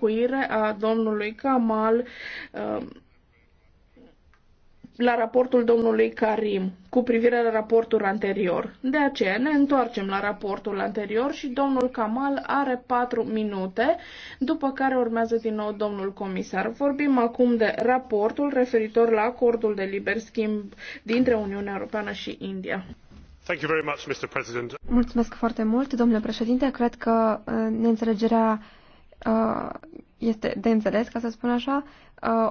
huire a domnului Kamal uh, la raportul domnului Karim cu privire la raportul anterior. De aceea ne întoarcem la raportul anterior și domnul Kamal are patru minute, după care urmează din nou domnul comisar. Vorbim acum de raportul referitor la acordul de liber schimb dintre Uniunea Europeană și India. Thank you very much, Mr. President. Mulțumesc foarte mult, domnule președinte. Cred că uh, neînțelegerea Uh, este de înțeles, ca să spun așa,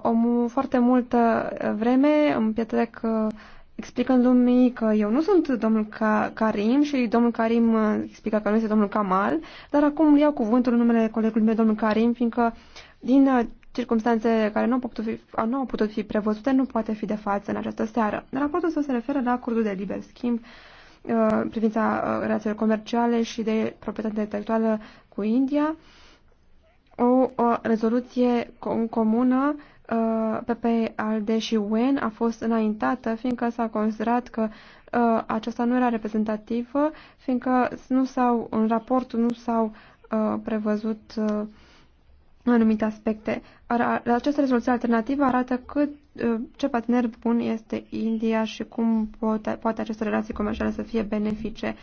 uh, o foarte multă vreme îmi petrec uh, explicând lumii că eu nu sunt domnul Karim și domnul Karim explică că nu este domnul Kamal, dar acum iau cuvântul în numele colegului meu, domnul Karim, fiindcă din circunstanțe care nu au, putut fi, nu au putut fi prevăzute, nu poate fi de față în această seară. Raportul să se referă la acordul de liber schimb privința relațiilor comerciale și de proprietate intelectuală cu India o, o rezoluție comună PP uh, Alde și UN a fost înaintată, fiindcă s-a considerat că uh, aceasta nu era reprezentativă, fiindcă nu s-au, în raport nu s-au uh, prevăzut uh, anumite aspecte. Ar, această rezoluție alternativă arată cât, uh, ce partener bun este India și cum poate, poate aceste relații comerciale să fie benefice.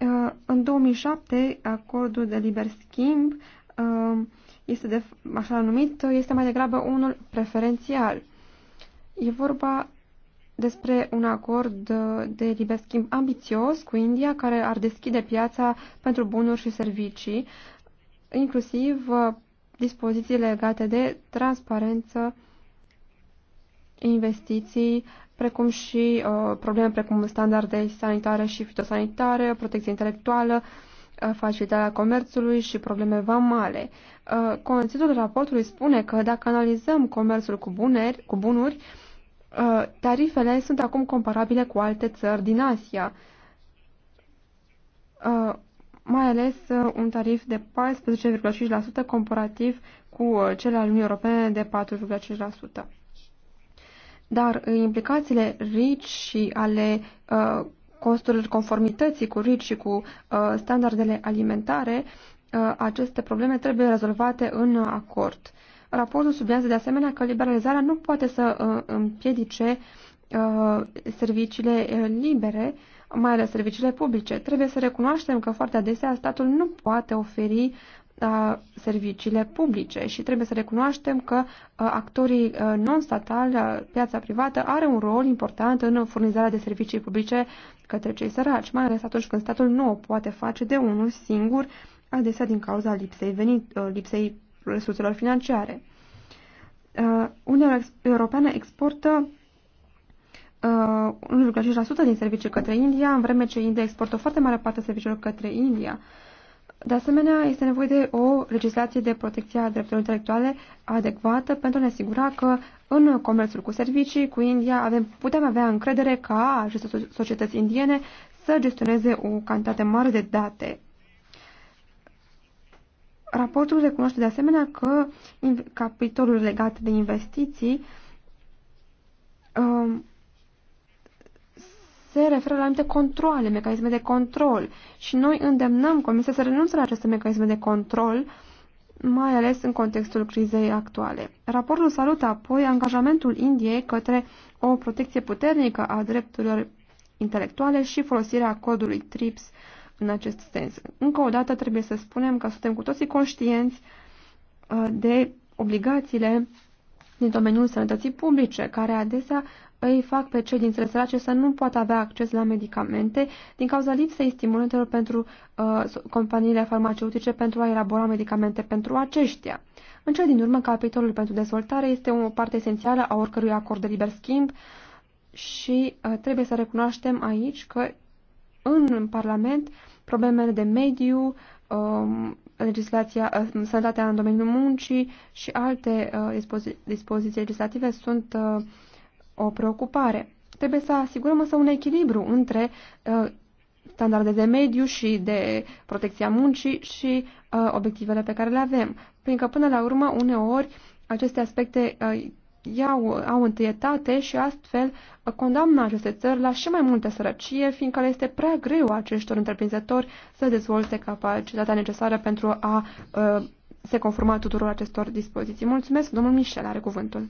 Uh, în 2007, acordul de liber schimb uh, este de, așa numit, este mai degrabă unul preferențial. E vorba despre un acord de liber schimb ambițios cu India, care ar deschide piața pentru bunuri și servicii, inclusiv uh, dispoziții legate de transparență, investiții, precum și uh, probleme precum standarde sanitare și fitosanitare, protecție intelectuală, uh, facilitarea comerțului și probleme vamale. Uh, conținutul raportului spune că dacă analizăm comerțul cu, buneri, cu bunuri, uh, tarifele sunt acum comparabile cu alte țări din Asia, uh, mai ales un tarif de 14,5% comparativ cu cel al Uniunii Europene de 4,5%. Dar implicațiile RICI și ale uh, costul conformității cu RIC și cu uh, standardele alimentare, uh, aceste probleme trebuie rezolvate în acord. Raportul subliniază de asemenea că liberalizarea nu poate să uh, împiedice uh, serviciile uh, libere, mai ales serviciile publice. Trebuie să recunoaștem că foarte adesea statul nu poate oferi serviciile publice și trebuie să recunoaștem că uh, actorii uh, non-statali, uh, piața privată, are un rol important în furnizarea de servicii publice către cei săraci, mai ales atunci când statul nu o poate face de unul singur, adesea din cauza lipsei, venit, lipsei resurselor financiare. Uniunea Europeană exportă 1,6% din servicii către India, în vreme ce India exportă foarte mare parte a serviciilor către India. De asemenea, este nevoie de o legislație de protecție a drepturilor intelectuale adecvată pentru a ne asigura că în comerțul cu servicii, cu India, avem, putem avea încredere ca aceste societăți indiene să gestioneze o cantitate mare de date. Raportul recunoaște de asemenea că capitolul legat de investiții uh, referă la anumite controle, mecanisme de control și noi îndemnăm Comisia să renunțe la aceste mecanisme de control, mai ales în contextul crizei actuale. Raportul salută apoi angajamentul Indiei către o protecție puternică a drepturilor intelectuale și folosirea codului TRIPS în acest sens. Încă o dată trebuie să spunem că suntem cu toții conștienți uh, de obligațiile din domeniul sănătății publice, care adesea îi fac pe cei dintre sărace să nu poată avea acces la medicamente din cauza lipsei stimulantelor pentru uh, companiile farmaceutice pentru a elabora medicamente pentru aceștia. În cel din urmă, capitolul pentru dezvoltare este o parte esențială a oricărui acord de liber schimb și uh, trebuie să recunoaștem aici că în Parlament problemele de mediu, um, legislația, uh, sănătatea în domeniul muncii și alte dispozi uh, dispoziții legislative sunt uh, o preocupare. Trebuie să asigurăm însă un echilibru între standarde de mediu și de protecția muncii și obiectivele pe care le avem. că până la urmă, uneori, aceste aspecte iau, au întâietate și astfel condamnă aceste țări la și mai multă sărăcie, fiindcă le este prea greu acestor întreprinzători să dezvolte capacitatea necesară pentru a uh, se conforma tuturor acestor dispoziții. Mulțumesc, domnul Michel are cuvântul.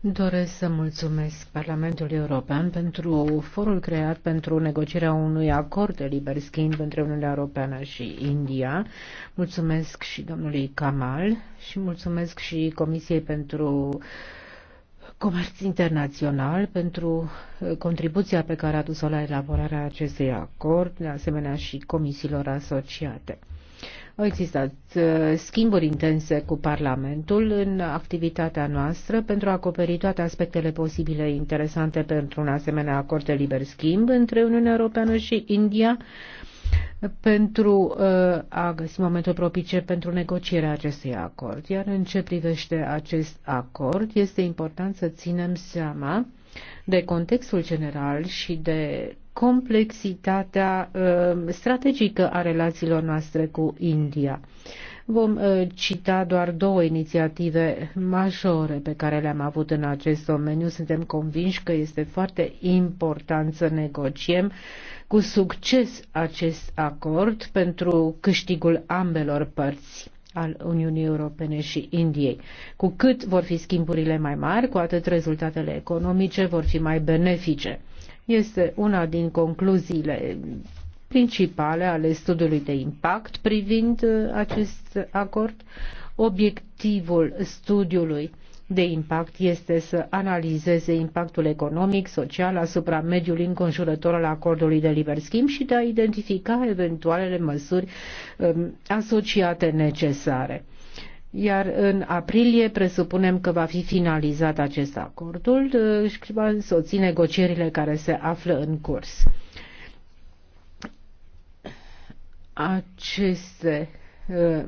Doresc să mulțumesc Parlamentului European pentru forul creat pentru negocierea unui acord de liber schimb între Uniunea Europeană și India. Mulțumesc și domnului Kamal și mulțumesc și Comisiei pentru comerț internațional pentru contribuția pe care a dus-o la elaborarea acestui acord, de asemenea și comisiilor asociate. Au existat uh, schimburi intense cu Parlamentul în activitatea noastră pentru a acoperi toate aspectele posibile interesante pentru un asemenea acord de liber schimb între Uniunea Europeană și India pentru uh, a găsi momentul propice pentru negocierea acestui acord. Iar în ce privește acest acord, este important să ținem seama de contextul general și de complexitatea uh, strategică a relațiilor noastre cu India. Vom uh, cita doar două inițiative majore pe care le-am avut în acest domeniu. Suntem convinși că este foarte important să negociem cu succes acest acord pentru câștigul ambelor părți al Uniunii Europene și Indiei. Cu cât vor fi schimburile mai mari, cu atât rezultatele economice vor fi mai benefice. Este una din concluziile principale ale studiului de impact privind uh, acest acord. Obiectivul studiului de impact este să analizeze impactul economic, social asupra mediului înconjurător al acordului de liber schimb și de a identifica eventualele măsuri um, asociate necesare iar în aprilie presupunem că va fi finalizat acest acordul uh, și va însoți negocierile care se află în curs. Aceste uh,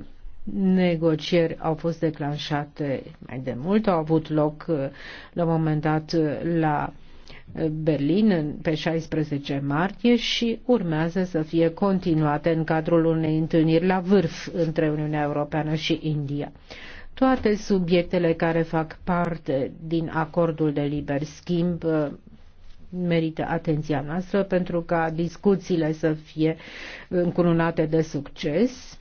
negocieri au fost declanșate mai de mult, au avut loc uh, la un moment dat la Berlin pe 16 martie și urmează să fie continuate în cadrul unei întâlniri la vârf între Uniunea Europeană și India. Toate subiectele care fac parte din acordul de liber schimb uh, merită atenția noastră pentru ca discuțiile să fie uh, încununate de succes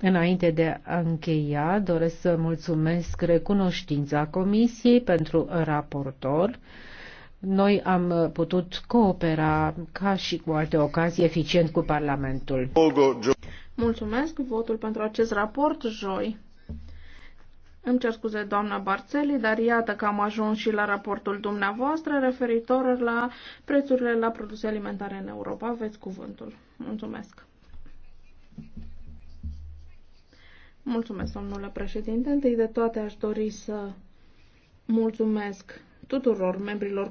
Înainte de a încheia, doresc să mulțumesc recunoștința Comisiei pentru raportor. Noi am putut coopera ca și cu alte ocazii eficient cu Parlamentul. Mulțumesc votul pentru acest raport joi. Îmi cer scuze, doamna Barțeli, dar iată că am ajuns și la raportul dumneavoastră referitor la prețurile la produse alimentare în Europa. Aveți cuvântul. Mulțumesc. Mulțumesc, domnule președinte. Întâi de toate aș dori să mulțumesc tuturor membrilor